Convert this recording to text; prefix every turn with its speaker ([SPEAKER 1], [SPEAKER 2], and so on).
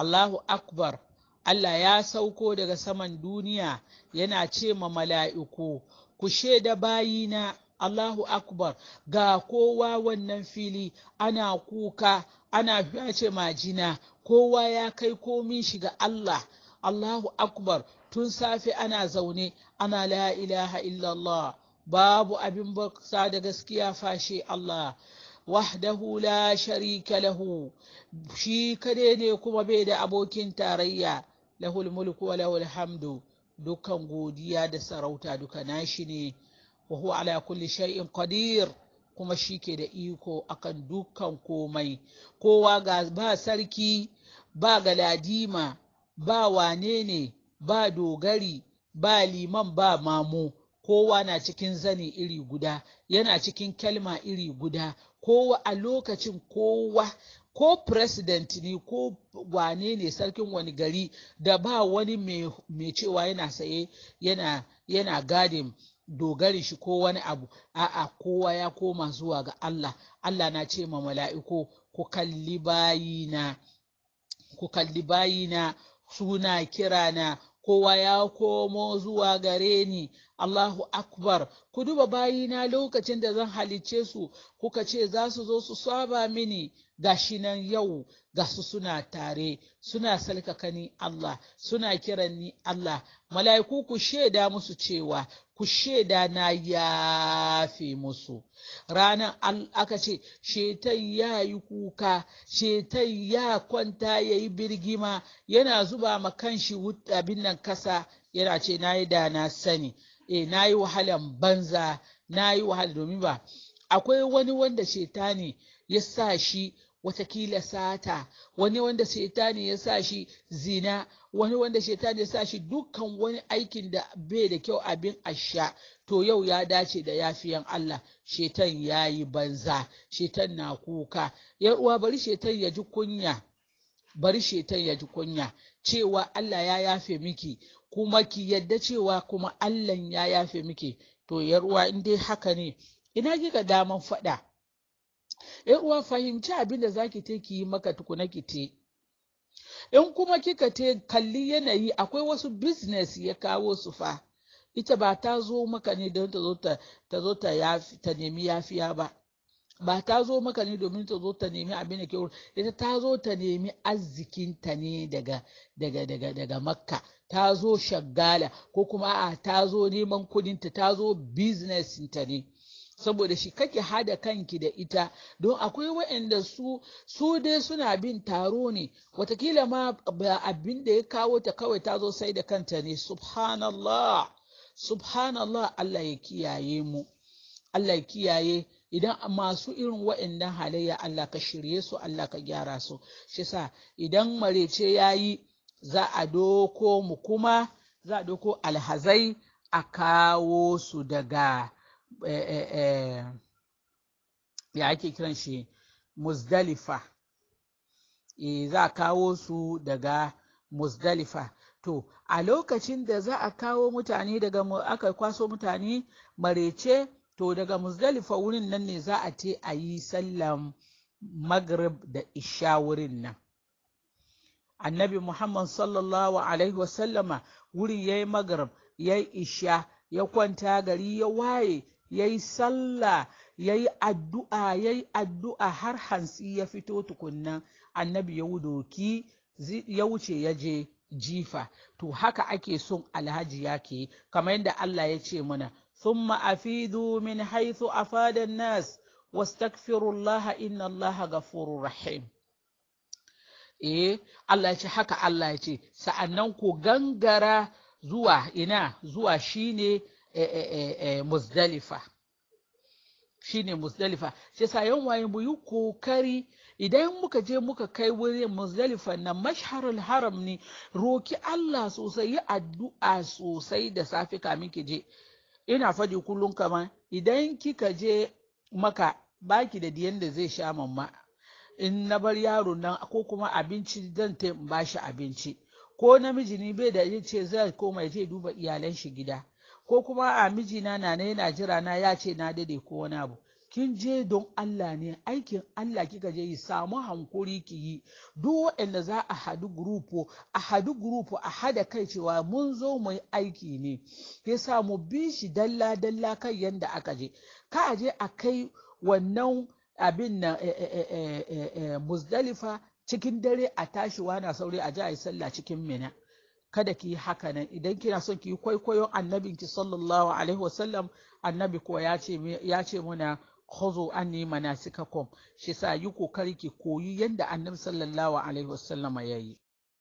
[SPEAKER 1] Allahu akbar Allah ya sauko daga saman duniya yana ce ma mala'iku ku shaida bayina Allahu akbar ga kowa wannan fili ana kuka ana ce majina kowa ya kai komin shi ga Allah Allahu akbar tun safe ana zaune ana la ilaha illallah babu abin baksa da gaskiya fashe Allah wahdahu la sharika lahu shi kade ne kuma bai da abokin tarayya lahul mulku wa lahul hamdu dukkan godiya da sarauta duka nashi ne wa huwa ala kulli shay'in qadir kuma shi ke da iko akan dukkan komai kowa ga ba sarki ba galadima ba wane ne ba dogari ba liman ba mamu kowa na cikin zani iri guda yana cikin kalma iri guda kowa a lokacin kowa ko president ne ko wane ne sarkin wani gari da ba wani mai cewa yana saye yana yana gadin dogarin shi ko wani abu a'a kowa ya koma zuwa ga Allah Allah na ce ma mala'iko ku kalli bayina ku kalli bayina suna kirana kowa ya komo zuwa gare ni Allahu Akbar ku duba bayina lokacin da zan halice su kuka ce za su zo su saba mini gashi nan yau ga su suna tare suna salkaka ni Allah suna kiran ni Allah mala'iku ku shaida musu cewa ku shaida na yafe musu ranar aka ce shetan ya yi kuka shetan ya kwanta ya yi birgima yana zuba ma kanshi abin nan kasa yana ce na yi da na sani e eh, na yi wahalan banza na yi wahala domin ba akwai wani wanda shetani ya sa shi watakila sata wani wanda shetani ya sa shi zina wani wanda shetani ya sa shi dukkan wani aikin da bai da kyau abin asha to yau ya dace da yafiyan Allah shetan ya yi banza shetan na kuka uwa bari shetan ya ji kunya bari shetan ya ji kunya cewa Allah ya yafe miki kuma ki yadda cewa kuma Allah ya yafe miki to yarwa in dai haka ne ina kika daman faɗa yan uwa fahimci abinda da zaki te ki yi maka tukuna ki te in kuma kika te kalli yanayi akwai wasu business ya kawo su fa ita ba ta zo maka ne don ta zo ta nemi yafiya ba ba ta zo maka ne domin ta zo ta nemi abin da ke wuri? ita ta zo ta nemi arzikinta ne daga daga daga daga makka ta zo shagala ko kuma a ta zo neman kudinta ta zo business ta ne saboda shi kake hada kanki da ita don akwai waɗanda su su dai suna bin taro ne watakila ma abin da ya kawo ta kawai ta zo sai da kanta ne subhanallah subhanallah Allah ya kiyaye mu Allah ya kiyaye idan masu irin wa'annan halayya Allah ka shirye su Allah ka gyara su shi sa idan marece yayi za a doko mu kuma za a doko alhazai a kawo su daga eh, eh, eh, ya ake kiran shi muzdalifa e, za a kawo su daga muzdalifa to a lokacin da za a kawo mutane daga aka kwaso mutane marece to daga muzdalifa wurin nan ne za a te a yi sallan maghrib da isha wurin nan annabi muhammad sallallahu alaihi wasallama wurin ya yi maghrib ya yi isha ya kwanta gari ya waye ya yi sallah ya yi addu'a ya yi addu'a har hansi, ya fito tukunnan annabi ya doki ya wuce ya je jifa to haka ake son alhaji ya ke kamar yadda Allah ya ce mana ثم أفيدوا من حيث أفاد الناس واستغفروا الله إن الله غفور رحيم eh Allah ce haka Allah سأنانكو ce sa'annan إنا gangara zuwa ina zuwa shine muzdalifa shine shi sa yan waye mu yi kokari idan muka je muka kai wuri muzdalifa na masharul haram ne roki Allah sosai yi addu'a sosai da safi kamin ki je ina faɗi kullum kaman idan kika je maka baki da diyan da zai sha mamma in na bar yaro nan ko kuma abinci zan ta shi abinci ko namiji ne bai da yace zai koma je duba iyalan shi gida ko kuma a mijina na yana jira na ya ce na dade ko wani abu kin je don Allah ne aikin Allah kika je yi samu hankuri ki yi duk waɗanda za a hadu gurupu a hadu gurupu a hada kai cewa mun zo mu aiki ne ya sa mu bi shi dalla dalla kai yanda aka je ka je a kai wannan abin na eh, eh, eh, muzdalifa cikin dare a tashi wana sauri a ji a yi sallah cikin mina kada ki yi haka nan idan kina son ki yi kwaikwayon annabinki sallallahu alaihi wasallam annabi kuwa ya ce muna khuzu anni kom shi sa yi kokari ki koyi yadda annabi sallallahu alaihi ya yi.